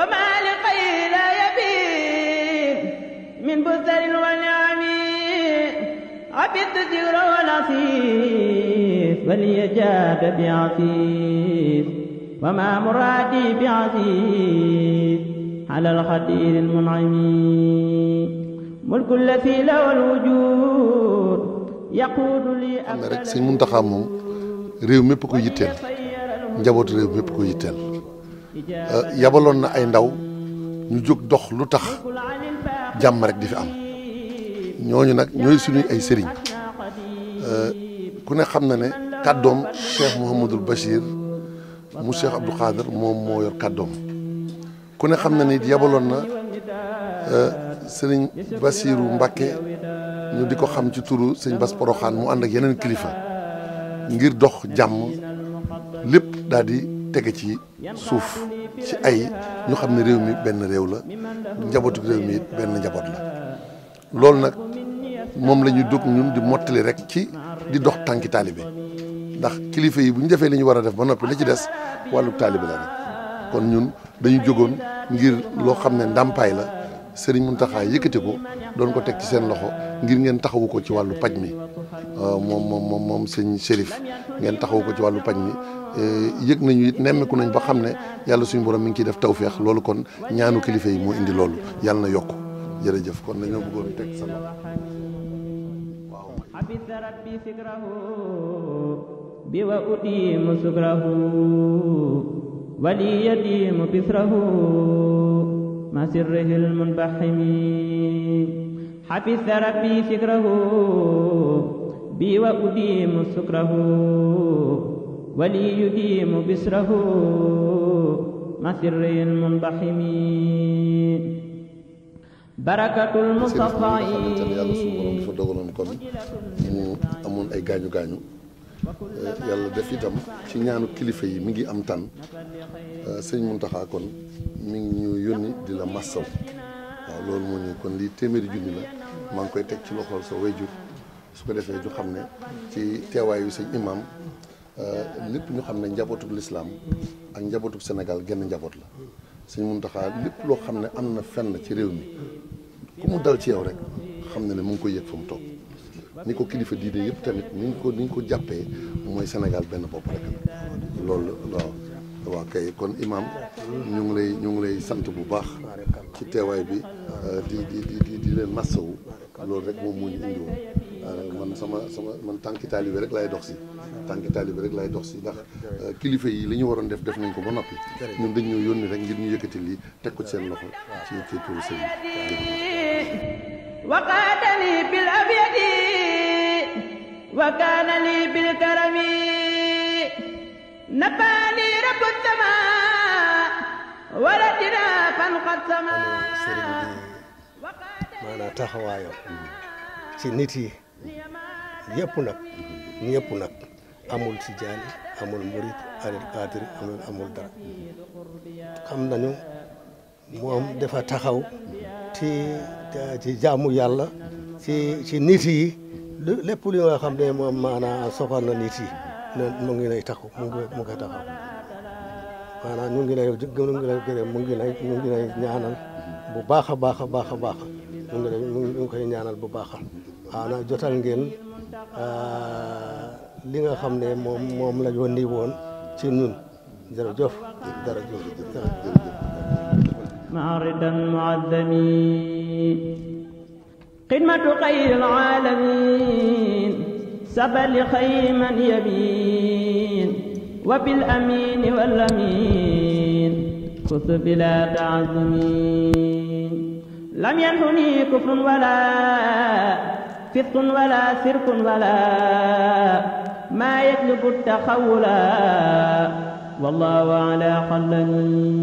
wa maa li xayri la yabiin min bustarin wa ni'amin abidtu zikra wal asiis waliya jaada bi asiis wa maa muraadi bi asiis alal xadiiril mun'imi mulku lazi lahul wujuud yaquudu li am na rek sëñ Muntaxa moom réew mépp ko yitteel njabootu réew mépp ko yitteel Eh, yabaloon na ay ndaw ñu jóg dox lu tax jàmm rek di fi am ñooñu nag ñooy suñuy ay sëriñ eh, ku ne xam na ne kàddoom Cheikh Mouhamadul Bachir mu Cheikh Abdou Khader moom moo yor kàddoom ku ne xam na ne yabaloon na eh, sëriñ Bassirou Mbacke ñu di ko xam ci turu sëñ Bass Poroxaan mu ànd ak yeneen kilifa ngir dox jàmm lépp daal tege ci suuf ci ay ñu xam ne réew mi benn réew la njabootu réew mi benn njaboot la loolu nag moom lañuy dog dugg ñun di mottali rek ci di dox tànki taalibe ndax kilifa yi bu ñu defee lañu war a def ba noppi la ci des wàllu taalibe la rek kon ñun dañu jógoon ngir loo xam ne ndàmpaay la Serigne Mountakha yëkkati ko doon ko teg ci seen loxo ngir ngeen taxawu ko ci wàllu paj mi euh, moom moom moom sëñ Chérif ngeen taxawu ko ci wàllu paj mi euh, yëg nañu it nemmeeku nañ ba xam ne yàlla suñu borom mi ngi ciy def tawféex loolu kon ñaanu kilifa yi moo indi loolu yàlla na yokk jërëjëf kon nañoo bëggoon teg sa waaw. ma سره المنبحم حفظ ربي فكره بي وأديم سكره ولي يديم بسره ما سره المنبحم barakatul tul Mustafa yi xamante ne yàlla suñu borom dafa kon mu amoon ay gaañu gaañu yàlla def itam ci ñaanu kilifa yi mi ngi am tànn Euh, sëñ Mountakha kon mu ngi ñu yónni di la massaw waaw loolu moo ñu kon lii téeméeri junni la maa ngi koy teg ci loxol sa wayjur su ko defee ñu xam ne ci teewaayu sëñ imam euh, lépp ñu xam ne njabootub lislaam ak njabootub Sénégal genn njaboot la sëñ Mountakha lépp loo xam ne am na fenn ci réew mi ku mu dal ci yow rek xam ne ne mu ngi koy yëg fa mu toog ni ko kilifa diine yëpp tamit ni ñu ko ni ñu ko jàppee mooy Sénégal benn bopp rek la loolu waaw waaw kay kon imam ñu ngi lay ngi lay sant bu baax ci teewaay bi euh, di di di di leen massawu loolu rek moom moo ñu indi euh, man sama sama man tànki taalibe rek laay dox si tànki taalibe rek laay dox si ndax euh, kilifa yi li ñu waroon def def nañ ko ba noppi ñun dañ ñoo yónni rek ngir ñu yëkkati lii teg ko ci seen loxo ci ci turu sëñ waqaatani bil abyadi wa kaana li bil karami maanaam taxawaayam ci nit yi yëpp nag ñëpp nag amul tijaani amul murit amul kaadir amul amul dara xam nañu moom dafa taxaw ci ci jaamu yàlla ci ci nit yi lépp li nga xam ne moom maanaam soxal na nit yi mu ngi lay taxaw mu taxaw maanaam ñu ngi lay ñu ngi lay gërëm mu ngi lay ñu ngi lay ñaanal bu baax a baax a baax a baax ñu ngi lay ñu ngi koy ñaanal bu baax waaw na jotal ngeen ah, li nga xam ne moom moom la yónni woon ci ñun jërëjëf jërëjëf معرضا معذمين خدمة خير العالمين سبل خير من يبين وبالأمين والأمين كث بلا تعظمين لم ينهني كفر ولا فسق ولا سرك ولا ما يطلب التخولا والله على قلني